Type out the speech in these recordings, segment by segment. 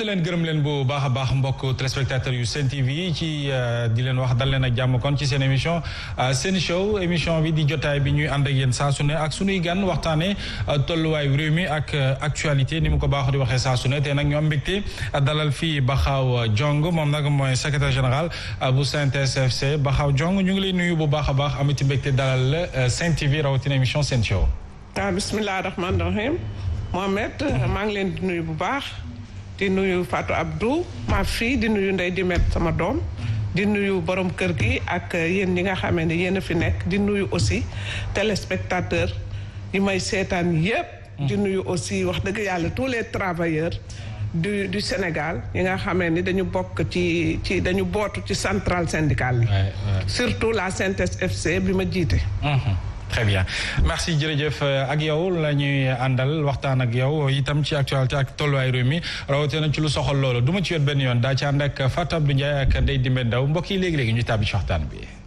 sant leen gërëm leen bu baax a baax mbokk téléspectateurs yu Sen TV ci euh, di leen wax dal leen ak jàmm kon ci seen émission euh, seen show émission bi di jotaay bi ñuy ànd ak yéen saa su ne ak sunuy gan waxtaanee euh, tolluwaayu réew mi ak actualité ni mu ko baaxoo di waxee saa su ne te nag ñu am mbégte dalal fii Bakhaw Diong moom nag mooy secrétaire général bu CNTS FC Bakhaw Diong ñu ngi lay nuyu bu baax a baax amati mbégte dalal Sen TV rawatina émission seen show. Ah, bisimilah rahmaani rahiim Mohamed maa ngi leen di nuyu bu baax. di nuyu Fatou Abdou ma fille di nuyu Ndeye Dimet sama doom di nuyu borom kër gi ak yéen ñi nga xamee ne yéen a fi nekk di nuyu aussi téléspectateur yi may seetaan yépp mm. di nuyu aussi wax dëgg yàlla tous les travailleurs du du Sénégal yi nga xamee ni dañu bokk ci ci dañu bootu ci centrale syndicale yi surtout la CNTS FC bi ma jiite mm-hmm. très bien merci jërëjëf euh, ak yow la ñuy àndal waxtaan ak yow itam ci actualité ak tolluwaay réew mi nañ ci lu soxal loolu du ci yot benn yoon daa ci ànd ak Fatou Abdou Ndiaye ak Ndeye Dimbé Ndaw mbokk yi léegi-léegi ñu tàbbi ci waxtaan bi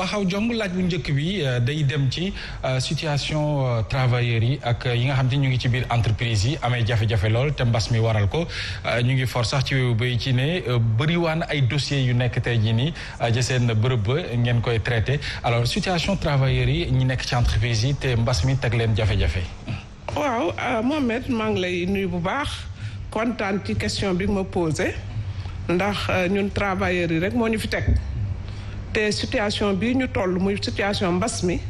baxaw jong laaj bu njëkk bi euh, day dem ci euh, situation euh, travailleurs yi ak yi nga xam te ñu ngi ci biir entreprise yi amee jafe-jafe lool te mbas mi waral ko ñu ngi for sax ci wéyu bay ci ne bëriwaan ay dossiers yu nekk tey jii nii ja seen bërëb ba ngeen koy traité alors situation travailleurs yi ñu nekk ci entreprise yi te mbas mi teg leen jafe-jafe waaw Mohamed maa ngi lay nuyu bu baax kontaan ci question bi nga ma posé ndax ñun travailleurs yi rek moo ñu fi teg te situation bi ñu toll muy situation mbas mi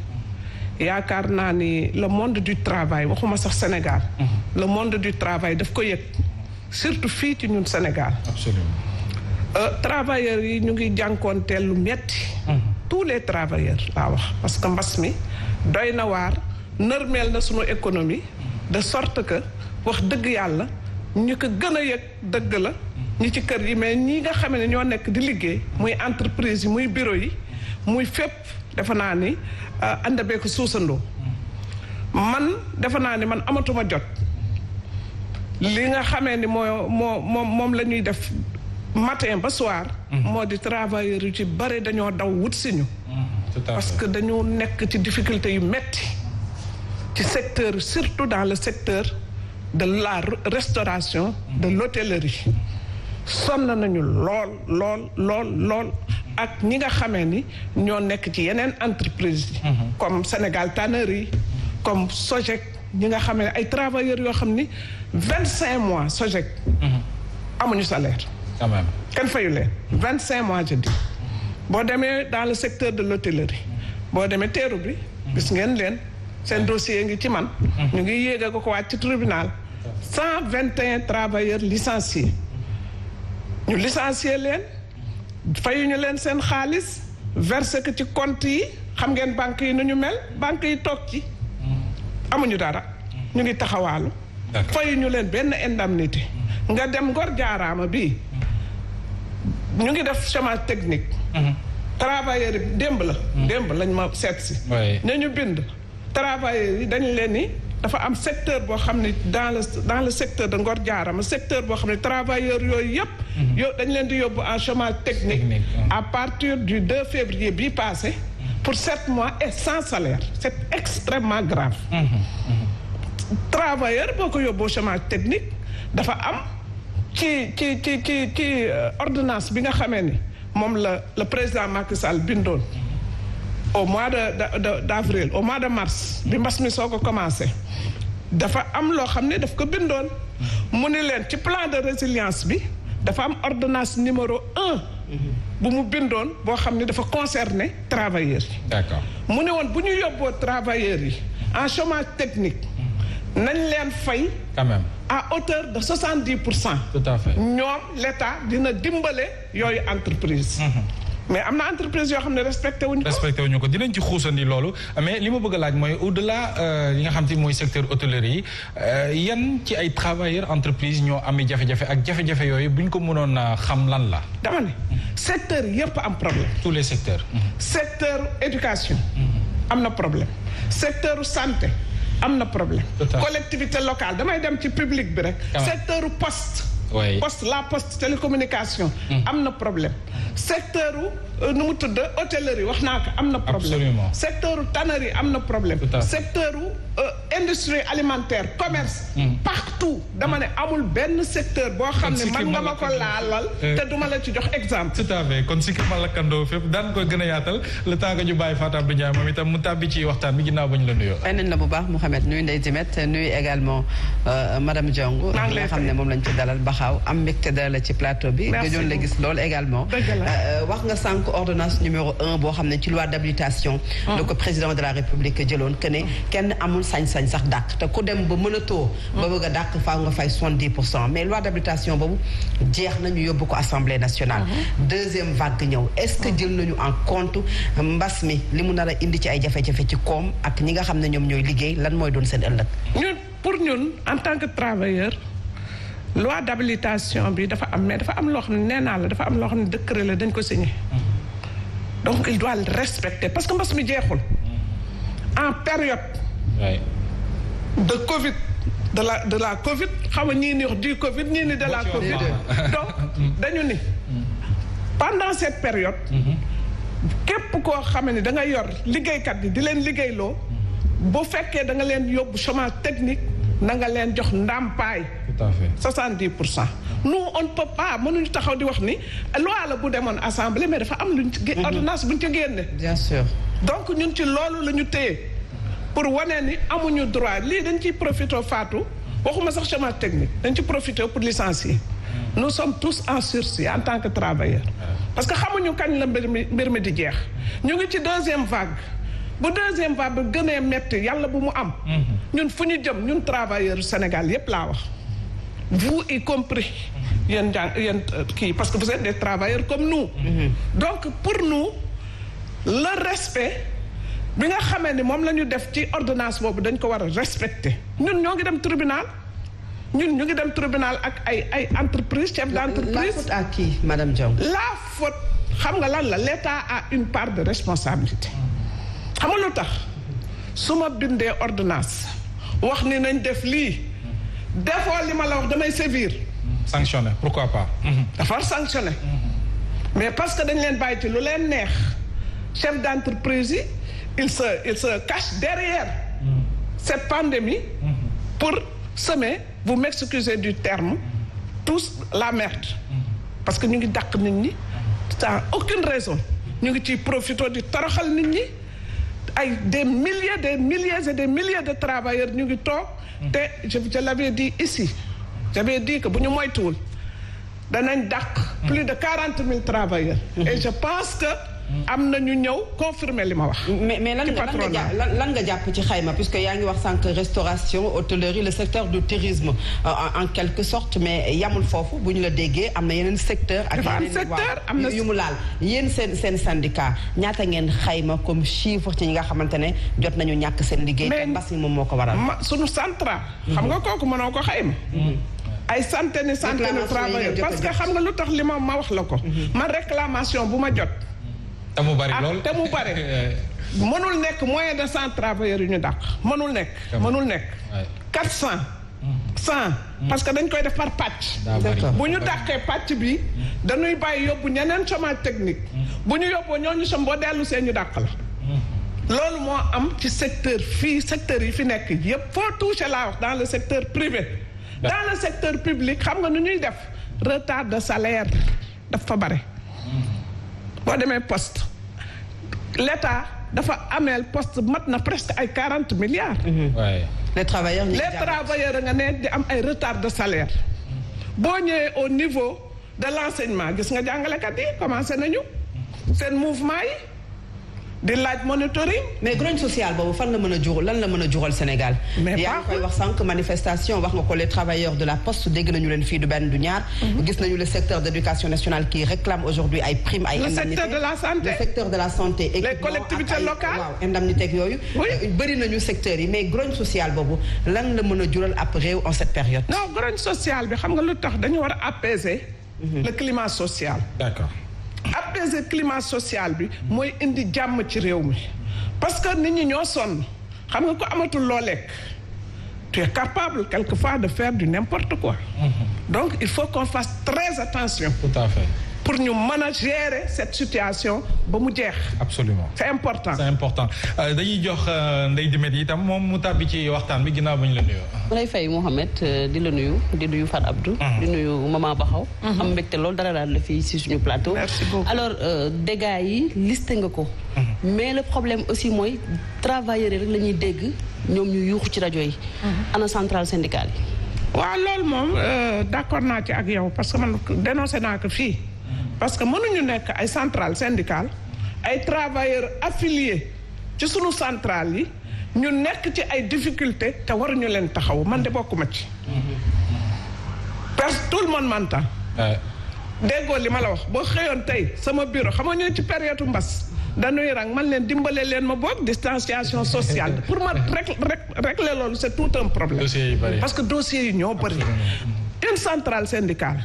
yaakaar naa ni le monde du travail waxuma sax Sénégal. Mhm. le monde du travail daf ko yëg surtout fii ci ñun Sénégal. absolument. Euh, yi ñu ngi jànkoonteel lu metti mhm. tous les travailleurs laa wax parce que mbas mi doy na waar nërmeel na sunu économie. de sorte que wax dëgg yàlla ñu ko gën a yëg dëgg la. ñi ci kër yi mais ñi nga xam ne ñoo nekk di liggéey muy entreprise yi muy bureau yi muy fépp defe naa ni euh, ànd bee suusandoo man defe naa ni man amatuma jot li nga xamee ni moo moo moom moom la ñuy def matin ba soir mm-hmm. moo di travailleurs yu ci bare dañoo daw wut siñu mm-hmm, parce que dañu nekk ci difficulté yu metti ci secteur surtout dans le secteur de la restauration de mm-hmm. l'hôtellerie sonn nañu lool lool lool lool ak ñi nga xamee ni ñoo nekk ci yeneen entreprise yi mhm. comme Sénégal Tannerie comme Sojec ñi nga xamee ne ay travailleurs yoo xam ni vingt cinq mois Sojec mhm. amuñu salaire quand même kenn fayu leen vingt cinq mois je dis boo demee dans le secteur de l'hôtellerie boo demee teeru bi gis ngeen leen seen dossier ngi ci man mhm. ñu ngi yéeg a ko ko wàcc ci tribunal cent vingt et un travailleurs licenciés ñu licencier leen fayuñu leen seen xaalis verser que ci compte yi xam ngeen banques yi nu ñu mel banques yi toog ci amuñu dara ñu ngi taxawaalu fayuñu leen benn indemnité nga dem ngor jaaraama bi ñu ngi def chômage technique mhm. travailleurs yi démb la mhm. démb lañ ma seet si ne ñu bind travailleurs yi dañ leen ni dafa am secteur boo xam ne dans le dans le secteur de Ngor jaarama secteur boo xam ne travailleurs yooyu yëpp. Mhm. yow dañ leen di yóbbu en chômage technique. à partir du 2 février bi passé. Mhm. pour sept mois et sans salaire c'est extrêmement grave. Mhm, travailleur boo ko yóbbu chômage technique dafa am ci ci ci ci ci euh, ordonnance bi nga xamee ni moom la le président Macky Sall bindoon. au mois de d'avril au mois de mars bi mbas mi soo ko commencé dafa am loo xam ne daf ko bindoon mu ni leen ci plan de résilience bi dafa am ordonnance numéro un bu mu bindoon boo xam ne dafa concerner travailleurs yi mu ne woon bu ñu yóbboo travailleurs yi en chômage technique nañ leen fay quand à hauteur de soixante-dix pour cent tout à fait ñoom l'État dina dimbale yooyu entreprise mm mais am na entreprise yoo xam ne respecté wuñu ko. respecté wuñu ko dinañ ci loolu mais li ma bëgg a laaj mooy au delà li euh, nga xam te mooy secteur hôtellerie yi euh, yan ci ay travailleurs entreprise ñoo amee jafe-jafe ak jafe yooyu bu ñu ko mënoon xam lan la. dama ne secteur yëpp am problème. tous les secteurs. Mhm. secteur éducation. Mhm. am na problème secteur santé. am na problème collectivité locale damay dem ci public bi rek secteur poste oui poste la poste télécommunication. Hmm. am na problème. secteur euh, nu mu tudd hôtellerie wax naa ko am na problème. absolument secteur tannerie am na problème. secteur euh, industrie alimentaire commerce. Hmm. partout dama ne amul benn secteur boo xam ne man nga ma ko laalal. te duma la ci jox exemple. tout à fait kon si ki a lakkandoo fépp daan ko gën a yaatal le temps que ñu bàyyi Fatou Abdou Ndiaye moom itam mu tàbbi ci waxtaan bi ginnaaw ba la nuyoo. fay nañ la bu baax Mouhamed nuyu Ndeye Dimet nuyu également euh, madame Diong. maa moom lañ ci baax taxaw am mbégte dara la ci plateau bi. gëjoon la gis loolu également. Euh, euh, wax nga sànq ordonnance numéro un boo xam ne ci loi d'habilitation. Ah. la ko président de la république jëloon que ne ah. kenn amul sañ-sañ sax dàq te ku dem ba mënatoo. Ah. ba bëgg a dàq fa nga fay soixante-dix pour cent mais loi d'habilitation boobu jeex nañu yóbbu ko assemblée nationale. deuxième vague ñëw est-ce que jël nañu en compte mbas mi li mu nar a indi ci ay jafe-jafe ci koom ak ñi nga xam ne ñoom ñooy liggéey lan mooy doon seen ëllëg. loi d'habilitation bi dafa am mais dafa am loo xam ne nee naa la dafa am loo xam ne décret la dañ ko signé. Mm-hmm. donc il doit respecter parce que mbas mi jeexul. Mm-hmm. en période. de Covid de la de la Covid xaw ma ñii ni wax du Covid ñii ni de la Covid. donc mm-hmm. dañu ni. pendant cette période. képp koo xam ne da nga yor liggéeykat bi di leen liggéeyloo. bu fekkee da nga leen yóbbu chômage technique na nga leen jox ndàmpaay. tout à fait soixante dix pour cent. nous on ne peut pas mënuñu taxaw di wax ni loi la bu demoon assemblée mais dafa am lu luñ ci. Mm-hmm. ordonnance buñ ca génne. bien sûr donc ñun ci loolu la ñu téye pour wane ni amuñu droit lii dañ ciy profité Fatou waxuma sax chômage technique dañ ci profité pour licencier. Mm-hmm. nous sommes tous en sursis en tant que travailleurs. parce que xamuñu kañ la mbir mi mbir mi di jeex. ñu ngi ci deuxième vague bu deuxième vague bi gënee metti yàlla bu mu am. Mm-hmm. ñun fu ñu jëm ñun travailleurs Sénégal yépp laa wax. vous y compris yéen jàng yéen euh, kii parce que vous des travailleurs comme nous donc pour nous le respect bi nga xamee ni moom la ñu def ci ordonnance boobu dañ ko war a respecter ñun ñoo ngi dem tribunal ñun ñu ngi dem tribunal ak ay ay entreprise chef d'entreprise la faute à qui madame Diaw la faute xam nga lan la l'État a une part de responsabilité xam nga lu tax su ma bindee ordonnance wax ni nañ def lii des fois li ma la wax damay sévir. sanctionner pourquoi pas. Mhm. dafa sanctionner. Mhm. mais parce que dañ leen bàyyi ci lu leen neex chef d'entreprise yi il se il se cache derrière. Mhm. cette pandémie. pour semer vous m'excusez du terme tous la merde. parce que ñu ngi dàq nit ñi sans aucune raison ñu ngi ciy profité di toroxal nit ñi. ay des milliers des milliers et des milliers de travailleurs ñu ngi toog. te je je l'avais dit ici. j'avais dit que bu ñu moytuwul danañ dàq. plus de quarante mille travailleurs. et je pense que. am na ñu ñëw confirmer li ma wax. mais mais lan nga lan nga jàpp ci xayma puisque yaa ngi wax sànq restauration hôtellerie le secteur du tourisme euh, en quelque sorte mais yamul foofu bu ñu la déggee am na yeneen secteur ak yeneen yu mu laal yéen seen seen syndicat ñaata ngeen xayma comme chiffre ci ñi nga xamante ne jot nañu ñàkk seen liggéey. mais mbas mi moom moo ko waral. suñu central. xam nga kooku mënoo ko xayma. Mm-hmm. ay centaine centaine de travailleurs parce que xam nga lu tax li ma ma wax la ko. Mm-hmm. man réclamation bu ma jot. te mu bari ah, te mu bari mënul nekk moyen de cent travailleurs yu ñu dàq mënul nekk mënul nekk quatre mm-hmm. cent cent mm-hmm. parce que dañ koy def par pàcc bu ñu dàqee pàcc bi mm-hmm. dañuy bàyyi yóbbu ñeneen chômage technique bu ñu yóbboo ñooñu som boo dellu seen ñu dàq la loolu moo am ci secteur fii secteur yi fi nekk yëpp foo touché laa wax dans le secteur privé dans le secteur publique xam nga nu ñuy def retard de salaire dafa bare boo demee poste l'État dafa ameel poste mat na presque ay quarante milliards. Mhm. les travailleurs a travailleurs nga ne di am ay retard de salaire. boo ñëwee au niveau de l'enseignement gis nga jàngalekat yi commencé nañu seen mouvement yi. di laaj monitoring. mais grogne sociale boobu fan la mën a jural lan la mën a jural Sénégal. mais yaa ngi wax sànq manifestation wax nga ko les travailleurs de la poste dégg nañu leen fii du benn du ñaar. Mhm. gis nañu le secteur d' éducation nationale qui réclame aujourd'hui ay primes ay. indemnités le secteur de la santé le secteur de la santé. les collectivités locales waaw indemnité ak yooyu. bëri nañu secteurs yi mais grogne sociale boobu lan la mën a jural ab réew en cette période. non grogne sociale bi xam nga lu tax dañu war a apaiser. Mhm. le climat social. accord. apaiser climat social bi mooy indi jàmm ci réew mi parce que nit ñi ñoo sonn xam nga ko amatul loo lekk tu es capable quelquefois de faire du n'importe quoi mm-hmm. donc il faut qu'on fasse très attention tout à fait pour ñu mën a gérer cette situation ba mu jeex. absolument c'est important c'est important euh, dañuy jox euh, Ndeye Dimet tam moom mu tàbbi ci waxtaan bi ginnaaw ba ñu la nuyu. lay fay Mouhamed euh, di la nuyu di nuyu Fat Abdou. Mm-hmm. di nuyu Maman Baxaw. Mm-hmm. am mbégte loolu dara daal la fii si suñu plateau. merci beaucoup alors yi liste nga ko. Mm-hmm. mais le problème aussi mooy travailleurs yi rek la ñuy dégg ñoom ñu yuuxu ci rajo yi. ana centrale syndicale yi. waaw loolu moom d'accord naa ci ak yow parce que man dénoncé naa ko fii. parce que mënuñu nekk ay centrale syndicale ay travailleurs affiliés ci sunu centrale yi ñu nekk ci ay difficulté te war ñu leen taxaw man de ma ci parce que tout le monde m'entend déggoo li ma la wax boo xëyoon tey sama bureau xam nga ñu ci période mbas dañuy rang man leen dimbale leen ma boog distanciation sociale pour ma rek rek régler loolu c'est tout un problème parce que dossiers yi ñoo bëri une centrale syndicale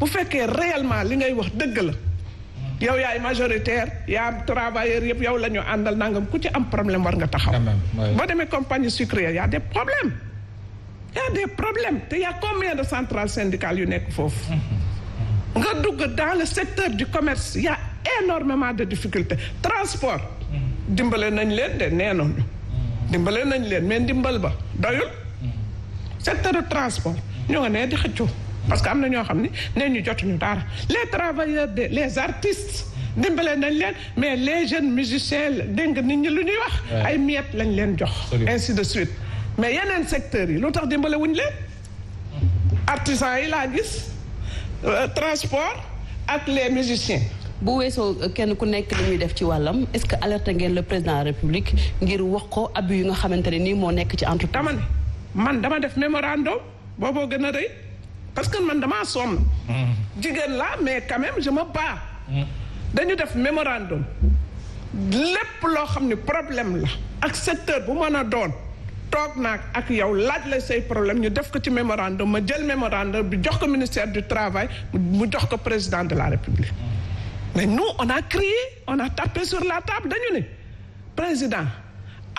bu fekkee réellement li ngay wax dëgg la yow yaay majoritaire yaa travailleur yëpp yow la ñu àndal nangam ku ci am problème war nga taxaw. boo demee compagnie sucrière y' a des problèmes y' a des problèmes te y' a de centrales syndicales yu nekk foofu. Mm-hmm. nga dugg dans le secteur du commerce y' a énormément de difficultés transport. Mm-hmm. dimbale nañ leen de nee nañu mm-hmm. nañ leen mais dimbal ba doyul. secteur de transport ñoo nga nee di xëccoo. parce que am na ñoo xam ne nee ñu jotuñu dara les travailleurs de les artistes dimbale nañ leen mais les jeunes musiciens dégg nga nit ñi lu ñuy wax ay miettes lañ leen jox ainsi de suite mais yeneen secteurs yi lu tax dimbale wuñ leen artisans yi laa gis euh, transport ak les musiciens bu weesoo euh, kenn ku nekk li ñuy def ci wàllam est-ce que alerte ngeen le président de la république ngir wax ko abus yu nga xamante ne nii moo nekk ci entre dama man dama def mémorandum booboo gën parce que man damaa sonn. Mm. jigéen laa mais quand même je me mm. dañu def mémorandum lépp loo xam ne problème la ak secteur bu mën a doon toog naag ak yow laaj la say problème ñu def ko ci mémorandum ma jël mémorandum bi jox ko ministère du travail mu jox ko président de la république. Mm. mais nous on a crié on sur la table dañu ne président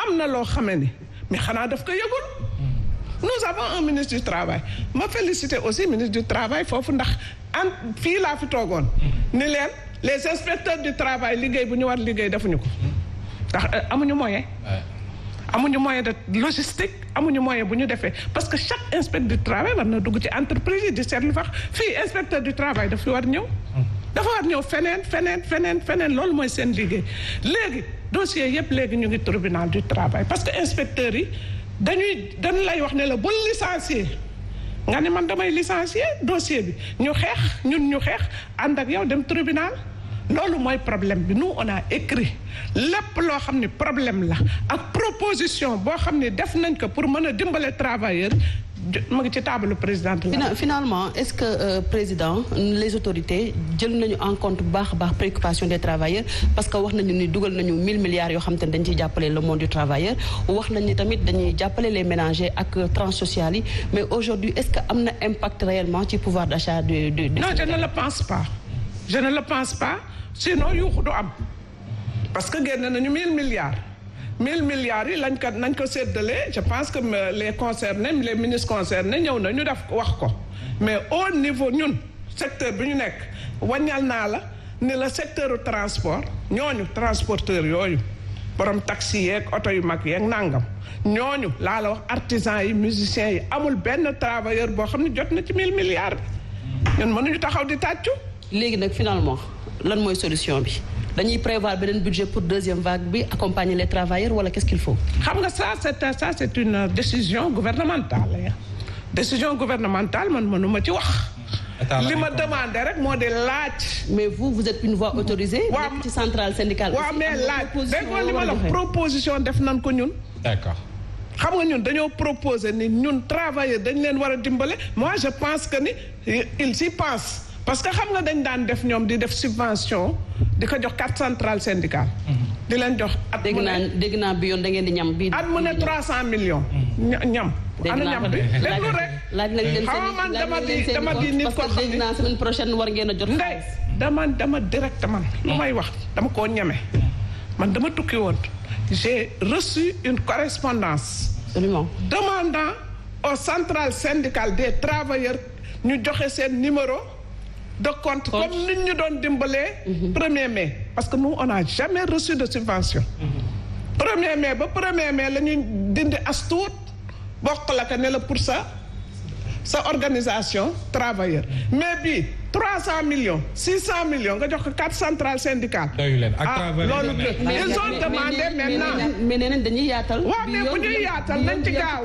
am na loo xamee ni mais xanaa def ko yëgul. nous avons un ministre du travail ma félicité aussi ministre du travail foofu ndax an fii laa fi toogoon ni leen les inspecteurs du travail liggéey bu ñu war liggéey defuñu ko ndax euh, amuñu moyen amuñu moyen de logistique amuñu moyen bu ñu defee parce que chaque inspecteur du travail war na dugg ci entreprise yi di seetlu fii inspecteur du travail daf fi war ñëw dafa war ñëw feneen feneen feneen feneen loolu mooy seen liggéey léegi dossier yëpp léegi ñu ngi tribunal du travail parce que inspecteurs yi dañuy dañ lay wax ne la bul licencier nga ne man damay licencier dossier bi ñu xeex ñun ñu xeex ànd ak yow dem tribunal loolu mooy problème bi nous on a écrit lépp loo xam ne problème la ak proposition boo xam ne def nañ ko pour mën a dimbale travailleur mu ngi ci taabalu président de la. finalement est-ce que euh, président les autorités jël nañu en compte bu baax a baax préoccupation des travailleurs parce que wax nañu ni dugal nañu 1000 milliards yoo xam te ne dañ ciy jàppale le monde du travailleur wax nañ tamit dañuy jàppale le ménagers ak tranches sociales yi mais aujourd'hui est-ce que am na impact réellement ci pouvoir d'achat de de non je ne le pense pas je ne le pense pas sinon yuuxu du am parce que génn nañu 1000 milliards. mille milliards yi lañ ko nañ ko séddalee je pense que euh, les concernés les ministres concernés ñëw na ñu def wax ko mais au niveau ñun secteur bi ñu nekk waññal naa la ni la secteur transport ñooñu transporteur yooyu borom taxi yeeg oto yu mag yeeg nangam ñooñu laa la wax artisans yi musiciens yi amul benn travailleur boo xam ne jot na ci mille milliards bi ñun mënuñu taxaw di tàccu léegi nag finalement lan mooy solution bi dañuy prévoir beneen budget pour deuxième vague bi accompagner les travailleurs wala qu'est-ce qu'il faut. xam nga ça c'est ça c'est une décision gouvernementale décision gouvernementale man mënuma ci wax. li ma demandé rek moo de laaj. mais vous vous êtes une voix autorisée. waaw nekk ci centrale syndicale. waaw mais laaj déggoo li ma la proposition def nañ ko ñun. d'accord. xam nga ñun dañoo proposer ni ñun travailleurs dañ leen war a dimbale moi je pense que ni il s'y pense. parce que xam na dañ daan def ñoom di def subvention di ko jox quatre centrales syndicales. di leen jox at mu ne dégg naa bi yoon da di ñam bi at mu ne trois cent millions. ñam. ana bi laaj nañ leen seen man dama di dama di nit koo xam ne dégg naa a jot. ndey dama dama directement lu may wax dama koo ñeme. man dama tukki woon j'ai reçu une correspondance. absolument demandant aux centrales syndicales des travailleurs ñu joxe seen numéro. de compte comme nit ñu doon dimbalee. Mhm. premier mai parce que nous on n'a jamais reçu de subvention. Mhm. premier mai ba premier mai la ñuy dindi as tuut bokk la ko ne la pour sa sa organisation travailleur mhm. mais bii. trois cent millions six cent millions nga jox ko quatre centrales syndicales. ah loolu ils ont demandé maintenant. nee nañ dañuy yaatal. waaw mais bu ñuy yaatal nañ ci gaaw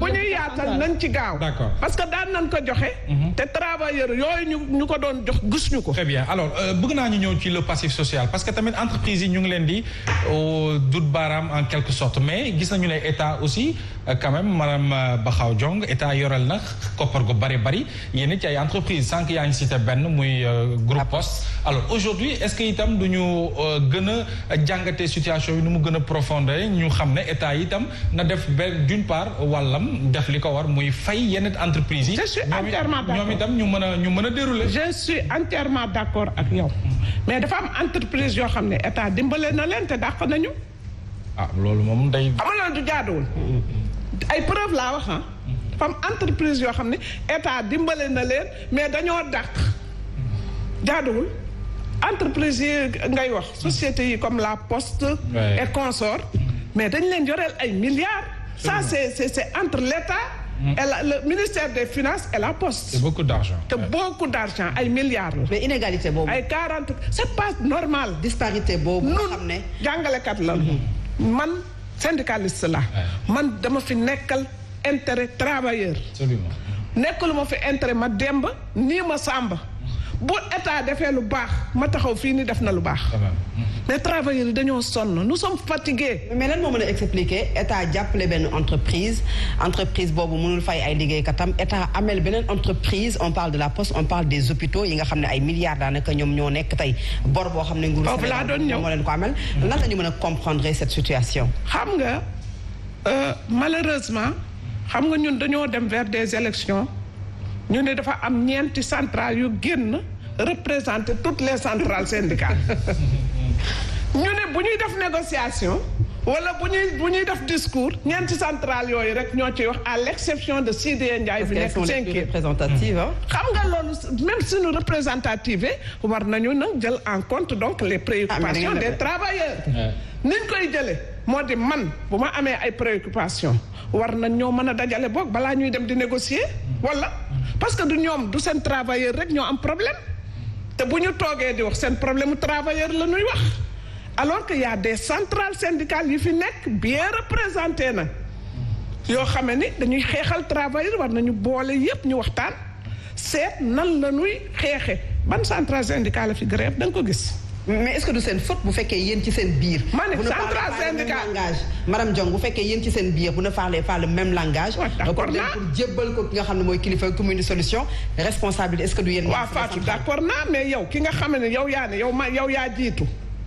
bu ñuy yaatal nañ ci gaaw. parce que daan nañ ko joxe. Mhm. te travailleurs yooyu ñu ñu ko doon jox gis ñu ko. très bien alors euh, bëgg naa ñu ñëw ci le passif social parce que tamit entreprise yi ñu ngi leen di dut baaraam en quelque sorte mais gis nañu ne état aussi euh, quand même madame euh, Bakhaw Diong état yorel na koppar gu bari bari yéen ci entreprise sànq yaa ngi cité benn muy euh, groupe poste alors aujourd'hui est-ce que itam du ñu euh, gën a jàngatee situation yi nu mu gën a profonde ñu xam ne état yi itam na def benn d'une part wàllam def li ko war muy fay yenn entreprise yi. je suis entièrement d'accord ñoom itam ñu mën a ñu mën a dérouler. je suis entièrement d'accord ak yow mais dafa am entreprise yoo xam ne état dimbale na leen te dàq nañu. ah loolu moom day. amoon na du jaaduwul. ay preuve laa wax fam entreprise yoo xam ne état dimbale na leen mais dañoo dàq jaaduwul entreprise yi ngay wax société yi comme la poste et consort mais dañ leen yoreel ay milliards ça c'est c'est c'est entre l'état mm. et la, ministère de finance et la poste. c'est beaucoup d'argent te beaucoup d'argent ay milliards la. mais inégalité boobu. ay quarante c'est pas normal. disparité boobu. nga xam ne jàngalekat la. Mm-hmm. man syndicaliste la. man dama fi nekkal. intérêt travailleur. nekkul ma fi intérêt ma demb nii ma sàmba bu état defee lu baax ma taxaw fii ni def na lu baax. mais travailleurs yi dañoo sonn nous sommes fatigués. mais lan moo mën a expliquer état jàppale benn entreprise entreprise boobu mënul fay ay liggéeykatam état amel beneen entreprise on parle de la poste on parle des hôpitaux yi nga xam ne ay milliards daanaka ñoom ñoo nekk tey bor boo xam ne. nguur moo leen ko amel lan la ñu mën a comprendre cette situation. xam nga euh, malheureusement. xam nga ñun dañoo dem vers des élections ñu ne dafa am ñeenti centrales yu génn représenter toutes les centrales syndicales ñu ne bu ñuy def négociation wala bu ñuy bu ñuy def discours ñeenti centrales yooyu rek ñoo ciy wax à l'exception de Sidé Ndiaye bi nekk cinquième représentative hmm. xam nga loolu même suñu représentative war nañu nag jël en compte donc les ah, préoccupations des travailleurs niñ koy jëlee moo di man bu ma amee ay préoccupation war na ñoo mën a dajale boog balaa ñuy dem di négocier wala parce que du ñoom du seen travailleur rek ñoo am problème te bu ñu toogee di wax seen problème travailleur la ñuy wax alors que y a des centrales syndicales yi fi nekk bien représenté na yoo xamee ni dañuy xeexal travailleur war nañu boole yépp ñu waxtaan seet nan la ñuy xeexe ban centrale syndicale la fi grève da nga ko gis mais est-ce que du seen faute bu fekkee yéen ci seen biir. ma ne central syndicat langage madame Diong bu fekkee yéen ci seen biir bu na parler pas le même langage. waaw d'accord naa pour jébbal ko ki nga xam ne mooy kilifa commune solution responsabilité est-ce que du yéen. waaw Fatou d'accord naa mais yow ki nga xam ne yow yaa ne yow ma yow yaa jiitu.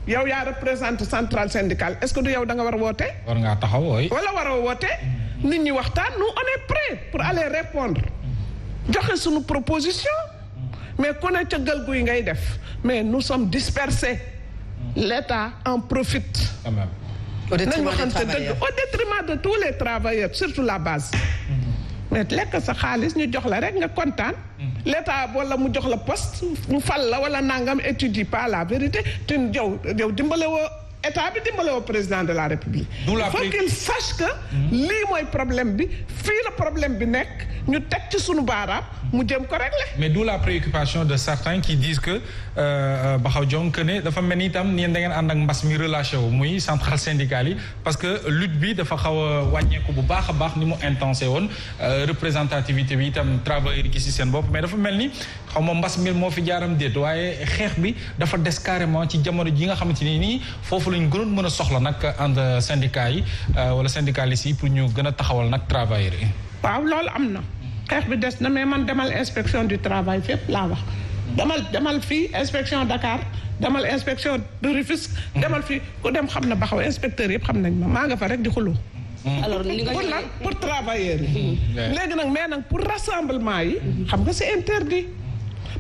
yow yaa représente centrale syndicale est-ce que du yow da nga war a woote. war ngaa taxaw ooy. wala war a woote. Mm-hmm. nit ñi waxtaan nous on est prêts pour aller répondre joxe suñu proposition. mais ku ne cëggal guy ngay def mais nous sommes dispersés l'État en profite nañu waxante dëgg au détriment de tous les travailleurs surtout la base mm-hmm. mais lekk sa xaalis ñu jox la rek nga kontaan mm-hmm. l'état wala mu jox la poste mu fal la wala nangam étudie pas la vérité te yow yow dimbale état bi dimbalewoo président de la république. il faut qu'il sache que. lii mooy problème bi fii la problème bi nekk ñu teg ci sunu baaraam mu jëm ko régler. mais du la préoccupation de certains qui disent que euh, ba xaw que ne dafa mel ni itam yéen da ngeen ànd mbas mi relâché wu muy central syndical yi parce que lutte bi dafa xaw a wàññeeku bu baax a baax ni mu intensé woon euh, représentativité bi itam travailleurs yi gis seen bopp mais dafa mel ni. xaw ma mbas mi moo fi jaaram déet waaye xeex bi dafa des carrément ci jamono ji nga xamante ni nii foofu lañ gënoon mën a soxla nag ànd syndicat yi euh, wala syndicalistes yi pour ñu gën a taxawal nag travailleurs yi. waaw loolu am na. xeex bi des na mais man demal inspection du travail fépp laa wax. demal fi fii inspection Dakar demal inspection de Rufisque. Mm-hmm. demal fii ku dem xam na ba xaw inspecteurs yëpp xam nañ ma maa nga fa rek di xuloo mm-hmm. alors li nga yi. Mm-hmm. léegi nag mais nag pour rassemblement yi. xam nga c'est interdit.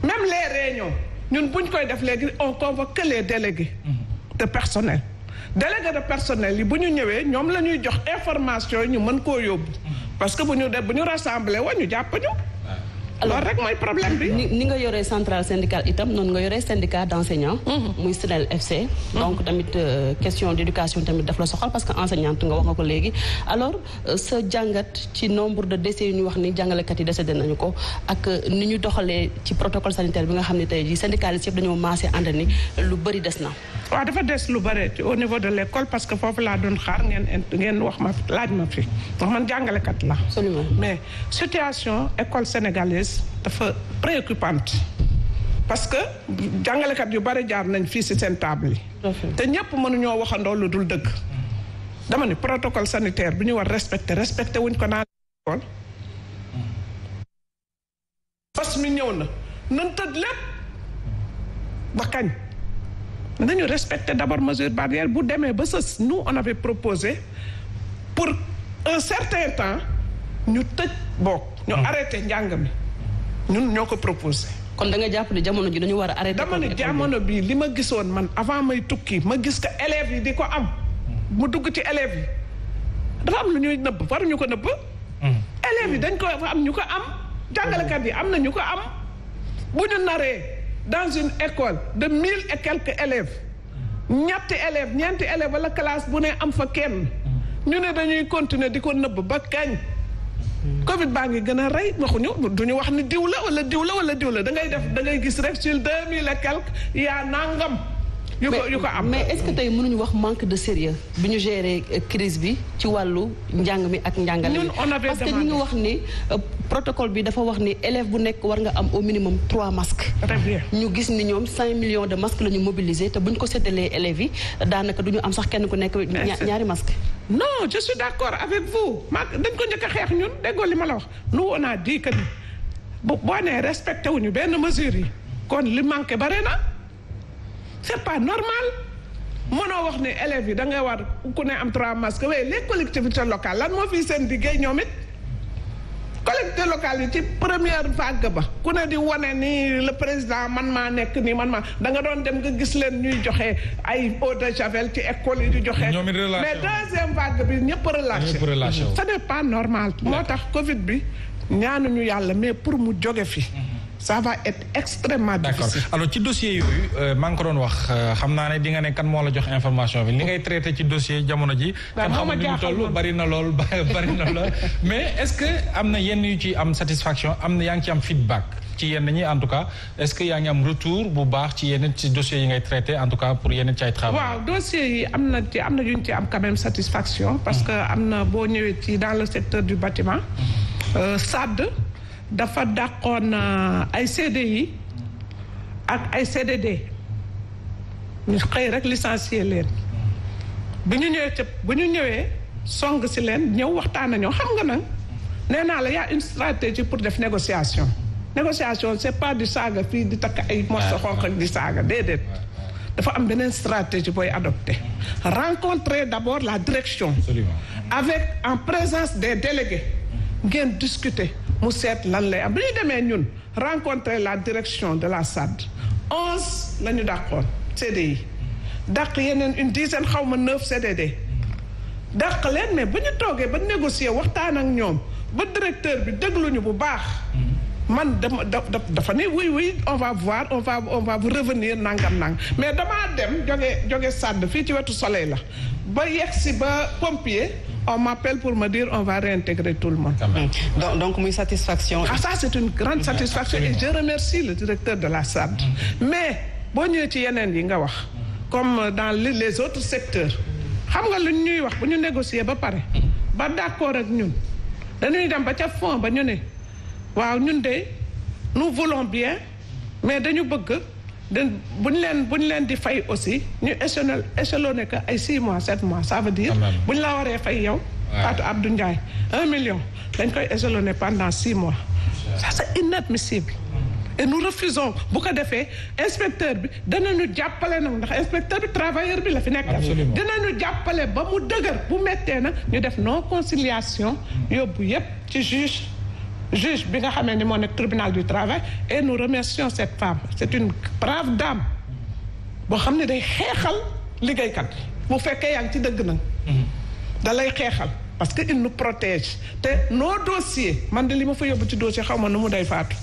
même les réunions ñun buñ koy def léegi on convoque que les délégués mhm. de personnel délégué de personnel yi bu ñu ñëwee ñoom la ñuy jox information yi ñu mën koo yóbbu mhm. parce que bu ñu def bu ñu rassemblé wa ñu jàpp ñu alors loolu rek mooy problème bi. ni nga yoree centrale syndicale itam noonu nga yoree syndicat d' enseignants. Mhm. muy SNEL FC. Mhm. donc tamit euh, question d' éducation tamit daf la soxal parce que enseignante nga wax nga ko léegi. alors euh, sa jàngat ci nombre de décès yu ñu wax ni jàngalekat yi décédé nañu ko ak euh, ni ñu doxalee ci protocole sanitaire bi nga xam ne tey jii syndicalistes yëpp dañoo maase ànd ni lu bëri des na. waaw dafa des lu bare au niveau de l'école parce que foofu laa doon xaar ngeen ngeen wax ma laaj ma fi wax man jàngalekat la mais situation école sénégalaise dafa préoccupante parce que jàngalekat yu bare jaar nañ fii ci seen table yi te ñëpp mënuñoo waxandoo lu dul dëgg dama ni protocole sanitaire bi ñu war respecté respecté wuñ ko naan école fas mi ñëw na nan tëdd lépp ba kañ nañu respecter d'abord mesure barrière bu demee ba sës nous on avait proposé pour un certain temps ñu tëj book ñu hmm. arrêté njàng mi ñun ñoo ko proposé. kon da nga jàpp ne jamono ji dañu war a arrêté. dama ne jamono bii li ma gisoon man avant may tukki ma gis ko élèves yi di ko am. Hmm. mu dugg ci élève yi dafa am lu ñuy nëbb waruñu ko nëbb. Hmm. élèves yi dañ ko am ñu ko am jàngalekat yi am na ñu ko am bu ñu naree. dans une école de mille et quelques élèves ñetti élèves ñeenti élèves wala classe bu ne am fa kenn ñu ne dañuy continuer di ko nëbb ba kañ covid baa ngi gën a rey waxuñu du ñu wax ni diw la wala diw la wala diw la da ngay def da ngay gis rek sur deux mille et quelques yaa nangam yu ko yu am mais est-ce que tey mënuñu wax manque de sérieux bi ñu gérer euh, crise bi ci wàllu njàng mi ak njàngale mi parce que ñu ngi wax ni euh, protocole bi dafa wax ni élève bu nekk war nga am au minimum trois masques ñu gis ni ñoom cinq millions de masques la ñu mobiliser te bu ñu ko séddalee élèves yi daanaka du ñu am sax kenn ku nekk ñaari masques non je suis d'accord avec vous ma dañ ko njëkk a xeex ñun déggoo li ma la wax nous on a dit que boo nee respecté wuñu benn mesure yi kon li manqué bare na c'est pas normal mënoo wax ne élèves yi da war ku ne am trois masques waaye les collectivités lan moo fi seen liggéey ñoom it collectivités locales yi ci première vague ba ku ne di wane ni le président man maa nekk nii man maa da nga doon dem nga gis leen ñuy joxe ay eau de javel ci école yi di joxe. mais deuxième vague bi ñëpp relâché. relâché ce n'est pas normal. moo tax Covid bi ñaanuñu yàlla mais pour mu jóge fi. Mm-hmm. ça va être extrêmement difficile. d'accord alors ci dossier yooyu euh, maa ngi ko doon wax euh, xam naa ne di nga ne kan moo la jox information bi li ngay traité ci dossier jamono ji. kan xamul ni mu toll bari na lool bari na lool. mais est-ce que am na yenn yu ci am satisfaction am na yaa ngi ci am feedback. ci yenn ñi en tout cas est-ce que yaa ngi am retour bu baax ci yenn ci dossiers yi ngay traité en tout cas pour yenn ci ay travaux. waaw dossiers yi am na ci am na yuñ ci am quand même satisfaction. parce mm. que am na boo ñëwee ci dans le secteur du bâtiment. Mm-hmm. Euh, SAD. dafa dàqoon euh, ay yi ak ay CDD ñu xëy rek licencier leen bu ñu ñëwee ca bu ñu ñëwee song si leen ñëw waxtaan ñoo xam nga nag nee naa la y' a une stratégie pour def négociation négociation c' est pas du saaga fii di takk ay morso xonq ak di saaga déedéet dafa am beneen stratégie booy adopté rencontrer d' abord la direction. Absolument. avec en présence des délégués ngeen discuté mu seet lan lay am bi ñu demee ñun rencontrer la direction de la SAD onze la ñu dàqoon CDI dàq yeneen une seen xaw ma neuf CDD dàq leen mais ba ñu toogee ba négocier waxtaan ak ñoom ba directeur bi dégluñu bu baax man dama dafa ne oui oui on va voir on va on va vous revenir nangam nang mais damaa dem jóge jóge sàdd fii ci wetu soleil la ba yegg si ba pompier on m'appelle pour me dire on va réintégrer tout le monde. Mm. donc donc muy satisfaction. ah ça c'est une grande satisfaction et je remercie le directeur de la SAD. Mm. mais boo ñëwee ci yeneen yi nga wax. comme dans les autres secteurs. xam nga lu ñuy wax bu ñu négocier ba pare. ba d'accord ak ñun. dañuy dem ba ca fond ba ñu ne. waaw ñun de nous voulons bien mais dañu bëgg dañ bu ñu leen bu leen di fay aussi ñu échelon échelonné que ay six mois 7 mois ça veut dire. bu ñu la waree fay yow. Fatou Abdou Ndiaye 1 million dañ koy échelonné pendant 6 mois. ça c'est inadmissible. et nous refusons bu ko defee inspecteur bi danañu jàppale nag ndax inspecteur bi travailleur bi la fi nekk dinañu jàppale ba mu dëgër bu mettee na ñu def non conciliation yóbbu yépp ci juge juge bi nga xamee ni moo nekk tribunal du travail et nous remercions cette femme c'est une brave dame boo xam ne day xeexal liggéeykat bu fekkee yaa ngi ci dëgg nag mm-hmm. da lay xeexal parce que il nous protège te nos dossiers man de li ma fa yóbbu ci dossier xaw ma nu mu day faatu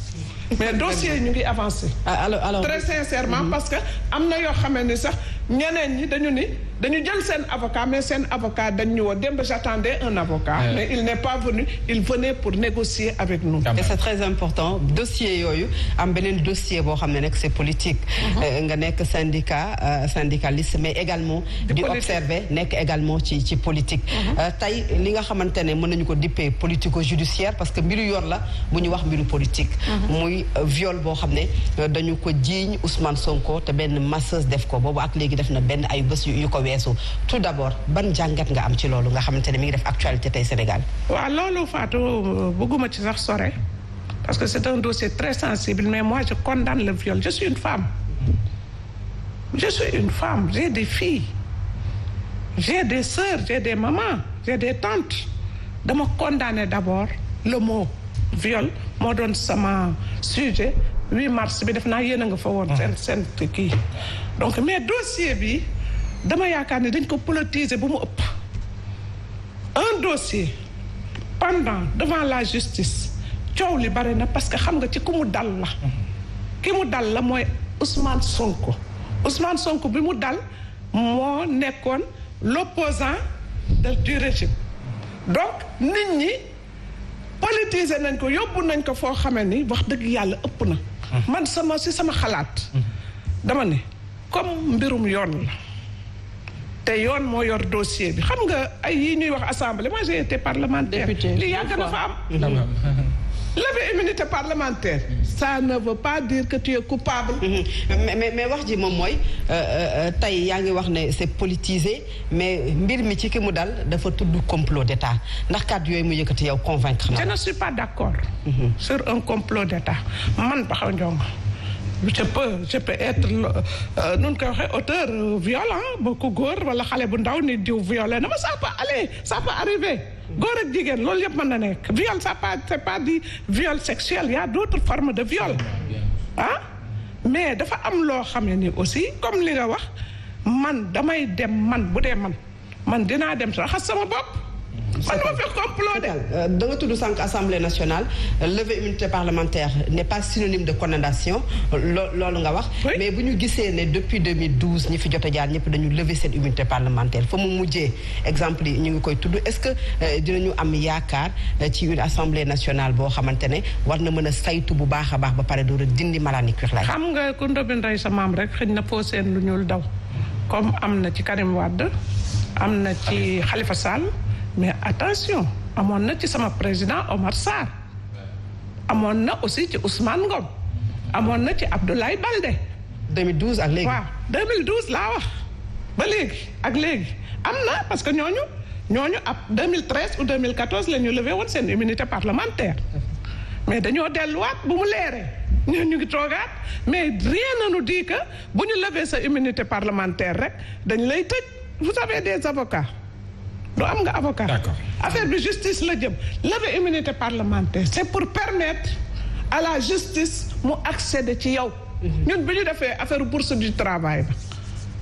mais dossiers ñu ngi avancé ah, alors alors très sincèrement mm-hmm. parce que am na yoo xamee ni sax ñeneen ñi dañu ni dañu jël seen avocat mais seen avocat dañ ñu woo démb j'attendais un avocat. mais il n'est pas venu il venait pour négocier avec nous. et c'est très important dossier yooyu am beneen dossier boo xam ne nag c'est politique. Mhm. Euh, nga nekk syndicat euh, syndicaliste mais également. di observer nekk également ci ci politique. Mhm. Euh, tey li nga xamante ne mën nañu ko dippee politico-judiciaire parce que mbiru yoon la bu ñu wax mbiru politique. Mhm. muy viol boo xam ne dañu ko jiiñ Ousmane Sonko te benn masseuse def ko boobu ak léegi def na benn ay bés yu ko weesu tout d'abord ban jàngat nga am ci loolu nga xamante ne mi ngi def actualité tey Sénégal. waaw loolu Fatou bëgguma ci sax sore parce que c'est un dossier très sensible mais moi je condamne le viol je suis une femme je suis une femme j'ai des filles j'ai des sœurs j'ai des mamans j'ai des tantes dama condamner d'abord le mot viol moo doon sama sujet 8 mars bi def naa yéen a nga fa woon mm. seen seen kii donc mais dossier bi dama yaakaar ne dañ ko politiser bu mu ëpp un dossier pendant devant la justice coow li bare na parce que xam nga ci ku mu dal la mhm. ki mu dal la mooy Ousmane Sonko Ousmane Sonko bi mu dal moo nekkoon l'opposant de du régime donc nit ñi politiser nañ ko yóbbu nañ ko foo xamee ni wax dëgg yàlla ëpp na mhm. man sama si sama xalaat mhm. dama ne comme mbirum yoon la te yoon moo yor dossier bi xam nga ay yii ñuy wax assemblée moi j'ai été parlementaire li yàgg na fa am lever immunité parlementaire mm-hmm. ça ne veut pas dire que tu coupable mm-hmm. mais mais wax ji moom mooy euh, euh, euh, tey yaa ngi wax ne c'est politisé mais mbir mi ci ki mu dal dafa tudd complot d'état ndax kàddu yooyu mu yëkkati yow convaincre na je ne suis pas d'accord mm-hmm. sur un complot d'état man Bakhaw Ndiongue je peux je nun koy waxee auteur euh, violent boo ku góor wala xale bu ndaw ni diw violé na ma ça peut aller ça peut arriver góor ak jigéen loolu yëpp man na nekk viol ça pas c'est pas dit viol sexuel y a d'autres de viol ah mais dafa am loo xamee ni aussi comme li nga wax man damay dem man bu dee man man dinaa dem raxas sama bopp Ça m'a fait comploter. da nga tudd sànq assemblée nationale euh, lever immunité parlementaire n'est pas synonyme de condamnation loolu nga wax. mais bu ñu gisee ne depuis 2012 ñi fi jot a ñëpp dañu lever seen immunité parlementaire fa mu mujjee exemple yi ñu ngi koy tudd est-ce que euh, dinañu am yaakaar euh, ci une assemblée nationale boo xamante ne war na mën a saytu bu baax a baax ba pare door a dindi malaani kuy laaj. xam nga ku ndobi ndey sa maam rek xëñ na foo seen lu ñuul daw comme am na ci Karim Wade am na ci Khalifa mais attention amoon na ci sama président Omar Sarr amoon na aussi ci Ousmane Ngom amoon na ci Abdoulaye Balde. 2012 ak léegi waaw 2012 laa wax ba léegi ak léegi am na parce que ñooñu ñooñu ab 2013 ou 2014 la ñu levé woon seen immunité parlementaire mais dañoo delluwaat bu mu leeree ñun ñu ngi toogaat mais rien ne nous dit bu ñu levé sa immunité parlementaire rek dañ lay tëj vous avez des avocats. doo am nga avocat. d'accord affaire bi justice la jëm levée immunité parlementaire c'est pour permettre à la justice mu accéder ci yow. Mhm. ñun bi ñu defee affaire bourse du travail ba.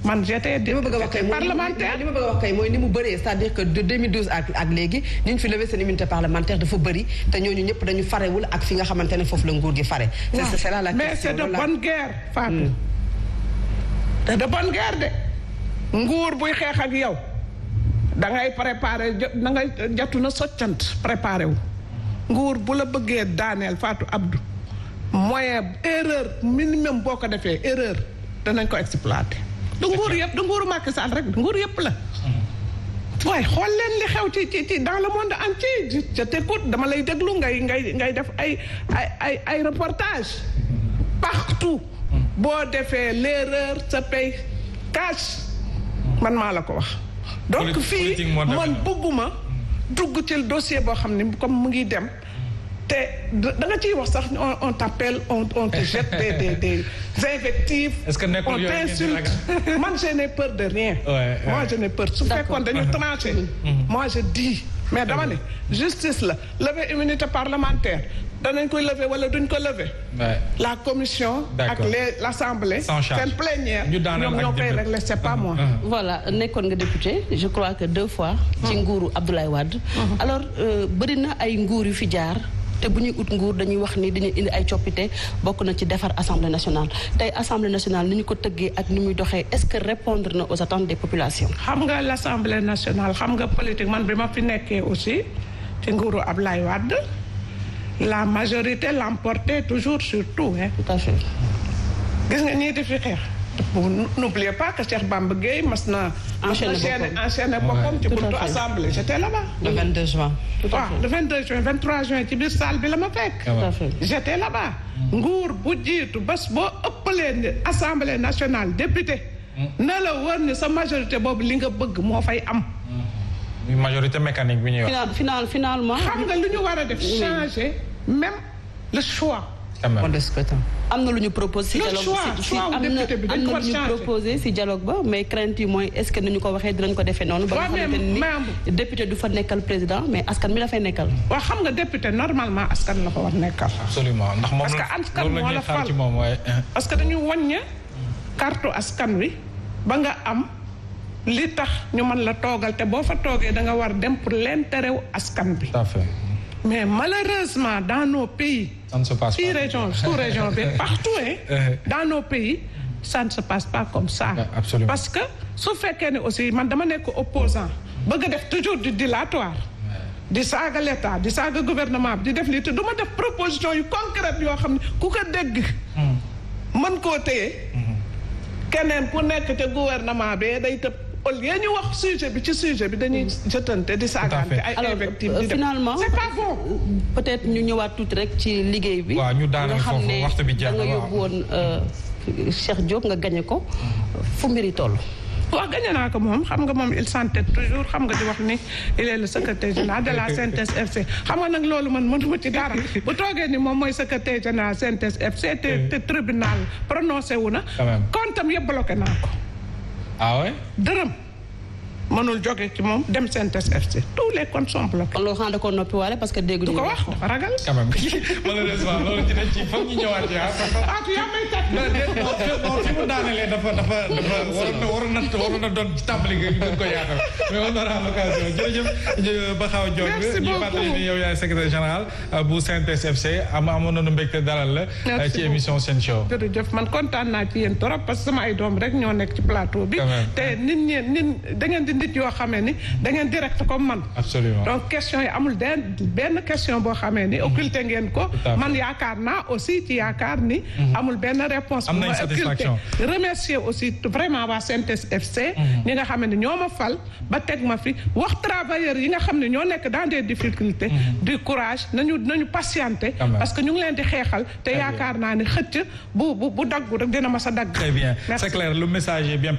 man j'étais li ma bëgg a wax kay li ma bëgg wax kay mooy ni mu bëree c'est-à-dire que de 2012 ak ak léegi ni fi levé seen immunité parlementaire dafa bëri te ñooñu ñëpp dañu farewul ak fi nga xamante ne foofu la nguur gi fare. c'est c'est là la question mais c'est de bonne guerre Fatou. Hmm. te de bonne guerre de. nguur xeex ak yow. da ngay préparé da ngay jatu na soccant préparé wu nguur bu la bëggee daaneel faatu Abdou moyen erreur minimum boo ko defee erreur danañ ko exploité du nguur yëpp du nguuru Macky Sall rek du nguur yëpp la waaye xool leen li xew ci ci ci dans le monde entier je t'écoute dama lay déglu ngay ngay ngay def ay ay ay ay reportage partout mm. boo defee l'erreur sa pay cash man maa la ko wax donc fii man bëgguma dugg ci dossier boo xam ne comme mu ngi dem te da nga ciy wax sax on t'appelle on on te jette des des des t est-ce que nekkul yooyu on man je n'ai peur de rien. moi je n'ai peur su fekkoon dañu uh-huh. tranché. Mm-hmm. moi je dis. mais dama ne justice la levée immunité parlementaire danañ koy lever wala duñ ko lever. la commission. ak les la assemblée. sans charge seen plénière ñoom ñoo koy régler c' est pas ah, ah. nekkoon nga député je crois que deux fois. ci ah. nguuru Abdoulaye Wade. alors euh, bëri na ay nguur yu fi jaar. te bu ñuy ut nguur dañuy wax ni dañuy indi ay coppite bokk na ci defar assemblée nationale tey assemblée nationale ni ñu ko tëggee ak ni muy doxee est-ce que répondre na aux attentes des populations. xam nga la assemblée nationale xam nga politique man bi ma fi nekkee aussi ci nguuru Abdoulaye Wade. la majorité l'emportait toujours sur tout hein. tout à fait. gis nga ñii di fi xeex. n'oubliez pas que Cheikh Bamba mas na. enchaîné enchaîné boppam ci buntu assemblée j'étais là-bas. le 22 juin. tout à juin ci biir salle bi la ma fekk. Ah tout à fait j'étais là-bas. nguur bu jiitu bés na mm. la wër sa majorité boobu li nga bëgg moo fay am. Mm. majorité mécanique bi ñuy wax. final finalement. xam nga lu ñu war a même le choix. am de scrutin. am na lu ñu proposé si dialogue si am na am na lu ñu proposé si dialogue ba mais crainte yi mooy est-ce que nañu ko waxee dinañ ko defe noonu. ba nga xamante ni député fa nekkal président mais askan mi dafay nekkal. waaw xam nga député normalement askan la ko war nekkal. absolument ndax moom askan moo la fal parce que dañu wàññe carte askan wi ba nga am li tax ñu mën la toogal te boo fa toogee da nga war dem pour l'intérêt wu askan bi. tout à mais malheureusement dans nos pays. ça ne ci région sous-région bi partout hein. Eh, eh. dans nos pays ça ne se passe pas comme ça. Ah, parce que su fekkee ne aussi man dama nekk opposant bëgg a def toujours du dilatoire. di saaga l'état di saaga gouvernement bi di def lii te du ma def proposition yu concrète yoo xam ne ku ko dégg. Hmm. mën koo téye. Hmm. keneen ku nekk te gouvernement bi day tëb. au lieu ñu wax sujet bi ci sujet bi dañuy jëtante di saagante ay invective alors euh, finalement c'est pas bon peut-être ñu ñëwaat tuuti rek ci liggéey bi waaw ñu daanal foofu waxtu bi jeex na waaw yóbbu woon euh, Cheikh Diop nga gañe ko fu mbiri toll waaw gagné naa ko moom xam nga moom il s'entête toujours xam nga di wax ni il est le secrétaire la CNTS FC xam nga nag loolu man mënuma ci dara bu toogee ni moom mooy secrétaire général CNTS FC te te tribunal prononcé wu na comptam yëpp bloqué naa ko ah ouais dërëm. mënul jóge ci moom dem CNTS FC tous les comptes sont bloqués. loolu xanaa da ko noppi waale parce que dégguñu. du ko wax dafa ci foog ñu ñëwaat yaa. ah, ah dafa dafa dafa na waroon na waroon doon tàmbali nga gën ko yaatal mais on aura Ba Xaw Diop. merci beaucoup ñu fàttali ni yow yaay secrétaire général euh, bu CNTS FC am amoon nañu mbégte dalal la. Euh, ci émission Sen Show. jërëjëf man kontaan naa ci yéen trop parce que sama ay doom rek ñoo nekk ci plateau bi. te nit ñi nit da ngeen nit yoo xamee ni da ngeen direct comme man absolument donc question yi amul benn question boo xamee ni mhm. occulté ngeen ko man yaakaar naa aussi ci yaakaar ni mhm. amul benn réponse am nañ satisfaction remercier aussi vraiment waa CNTS FC mhm. ñi nga xam ne ñoo ma fal ba teg ma fi wax travailleurs yi nga xam ne ñoo nekk dans des difficultés du courage nañu nañu patienter parce que ñu ngi leen di xeexal te yaakaar naa ni xëcc bu bu bu daggu rek dina ma sa dagg très bien c'est clair le message est bien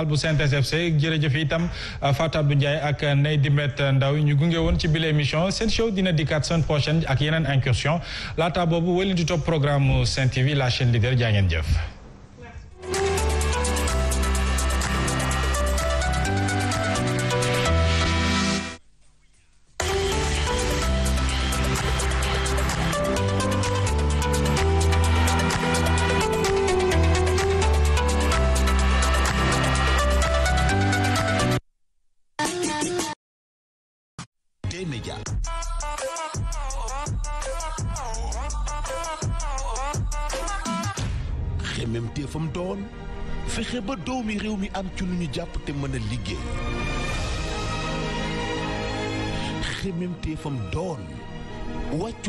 national bu CNTS/FC jërëjëf itam Fatou Abdou Ndiaye ak di met Ndaw ñu gunge woon ci bile émission seen show dina dikkaat semaine prochaine ak yeneen incursion laata boobu wëlin di programme Sen TV la chaîne leader jaa ngeen jëf am ci lu ñu jàpp te mën a liggéey xememteefam doon wàccu